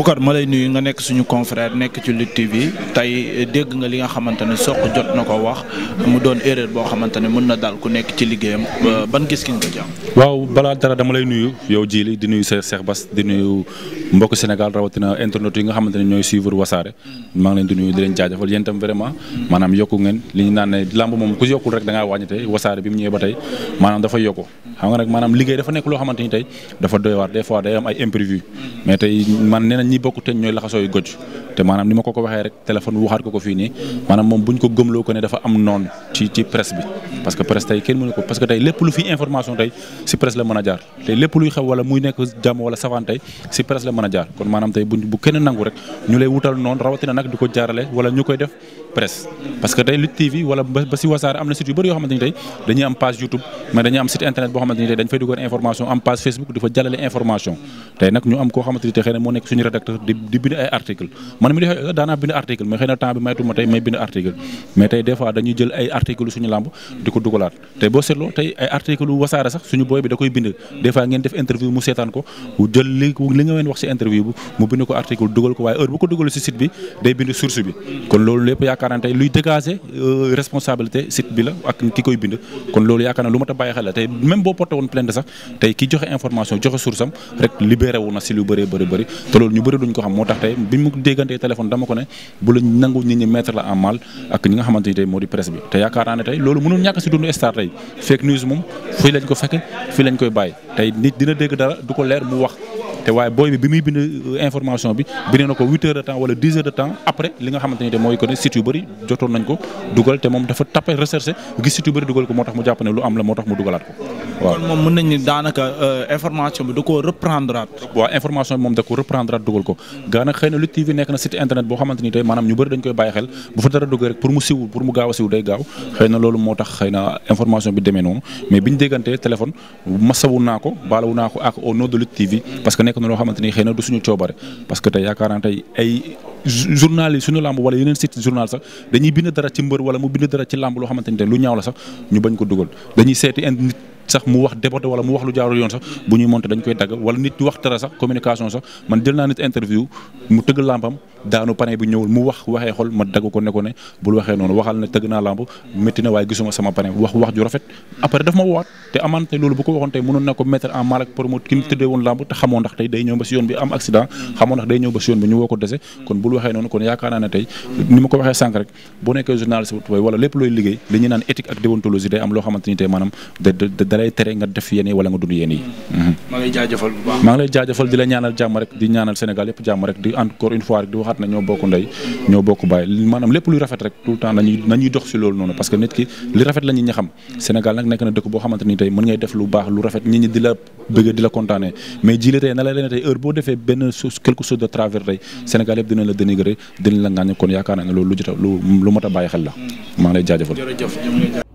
Boucar ma lay nuyu nga nekk suñu confrère nekk ci Lutte bi tey eh, dégg nga li nga xamante ne soq jot na ko wax mu doon erreur boo xamante ne mën na daal ku nekk ci liggéeyam euh, ban gis-gis nga jàmm. waaw balaa dara dama lay nuyu yow jili di nuyu Cheikh Bass di nuyu mbokk Sénégal rawatina internet yi nga xamante ne ñooy suivre wasaare maa ngi leen di nuyu di leen jaajëfal yéen itam vraiment maanaam yokku ngeen naan ne lamb moom ku yokkul rek da ngaa wàññi tey wasaare bi mu ñëwee ba tey maanaam dafa liggéey dafa nekk loo xamante ni tey dafa doy waar des fois day am imprévu mais tey man nee ñi bokk te ñooy laxasooy goj te maanaam ni ma ko ko waxee rek téléphone waxaat ko ko fii nii maanaam moom buñ ko gëmloo ko ne dafa am noonu ci ci bi parce que presse ko parce que tey lépp fi information si presse la mën a jaar te lépp luy xew wala muy nekk jàmm wala safaan tey si presse la mën a jaar kon maanaam tey bu bu kenn nangu rek ñu lay wutal noonu rawatina nag di ko jaarale wala ñu koy def presse. parce que tey Lutte TV wala ba si wasaare am na site yu bëri yoo xamante ni tey dañuy am page YouTube. mais dañu am site internet boo xamante ni tey dañ fay information am page Facebook di fa information tey nag ñu am koo xamante tey moo nekk suñu rédacteur di bind ay article man mi def daanaa bind article bind article mais tey des fois jël ay article suñu làmb di ko dugalaat tey boo seetloo tey ay article wasaare sax suñu booy bi da koy bind def interview mu seetaan ko jël li li nga ween wax si interview bu mu bind ko article dugal ko waaye bàyyi tey même boo porté woon plainte sax tey ki joxe information joxe source am rek libéré wu na si lu bëree bëri bëri te loolu ñu bëri duñ ko xam moo tax tey bi mu déggantee téléphone dama ko ne bu la nangu nit ñi mettre la en mal ak ñi nga xamante ni tey moo di presse bi te yaakaar tey loolu mënul ñàkk si dundu star tey fake news moom fii lañ ko fekk fii lañ koy bàyyi tey nit dina dégg dara du ko leer mu wax te waaye booy bi bi muy bind euh, information bi bind na ko huit heures de temps wala dix heures de temps après li nga xamante mooy que ne site yu bëri jotoon nañ ko dugal te moom dafa tapé recherché gis site yu bëri dugal ko moo tax mu jàpp lu am la moo tax mu dugalaat ko waaw. moom mën nañu daanaka euh, information bi da koo reprendre waaw information bi moom da ko reprendre dugal ko. gaana xëy loolu moo tax xëy information bi demee noonu mais nekk na loo xamante ni du suñu coobare parce que tey yaakaar naa tey ay làmb wala yeneen site journal sax dañuy bind dara ci mbër wala mu bind dara ci làmb loo xamante ni lu ñaaw la sax ñu bañ ko dugal dañuy seeti nit sax mu wax déborder wala mu wax lu jaarul yoon sax bu ñuy monté dañ koy dagg wala nit wax dara sax communication sax man jël naa nit interview mu tëgg làmpam daanu pare bi ñëwul mu wax ma dagg wax wax ju après daf ma woowaat te amaan tey loolu bu ko waxoon tey mënoon na ko mettre en mal ak promote ki mu woon làmp te xamoo ndax tey day ñëw ba si bi am accident xamoo ndax day ñëw ba si bi ñu woo dese kon bul waxee noonu kon dalay tere nga def yéen yi wala nga dund yéen yi. Mhm. maa ngi lay jaajëfal bu baax. maa ngi lay jaajëfal ni tey mën ngay def lu baax lu rafet nit ñi di la bëgg di la kontaane mais